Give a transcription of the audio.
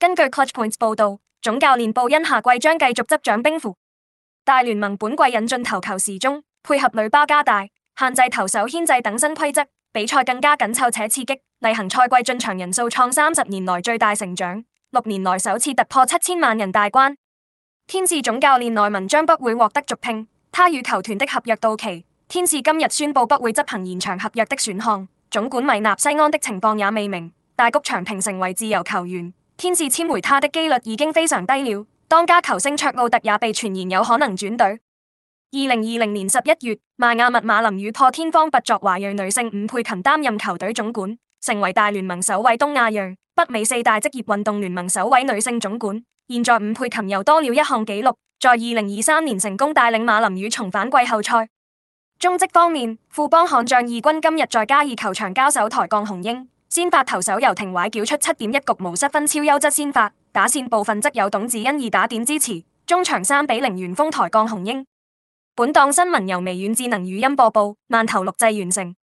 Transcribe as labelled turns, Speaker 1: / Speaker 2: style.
Speaker 1: 根據 ClutchPoints 報道，總教練布恩下季將繼續執掌兵符。大聯盟本季引進投球時鐘，配合壘包加大、限制投手牽制等新規則，比賽更加緊湊且刺激。例行賽季進場人數創三十年來最大成長，六年來首次突破七千萬人大關。天使總教練內文將不會獲得續聘，他與球團的合約到期。天使今日宣布不會執行延長合約的選項。總管米納西安的情況也未明，大谷翔平成為自由球員。天使簽回他的機率已經非常低了。當家球星卓奧特也被傳言有可能轉隊。二零二零年十一月，邁阿密馬林魚破天荒拔擢華裔女性吳佩琴擔任球隊總管，成為大聯盟首位東亞裔、北美四大職業運動聯盟首位女性總管。現在吳佩琴又多了一項紀錄，在二零二三年成功帶領馬林魚重返季後賽。中職方面，富邦悍將二軍今日在嘉義球場交手台鋼雄鷹。先發投手游庭崴繳出七點一局無失分，超優質先發。打線部分則有董子恩二打點支持。中場三比零完封台鋼雄鷹。本檔新聞由微軟智能語音播報，慢投錄製完成。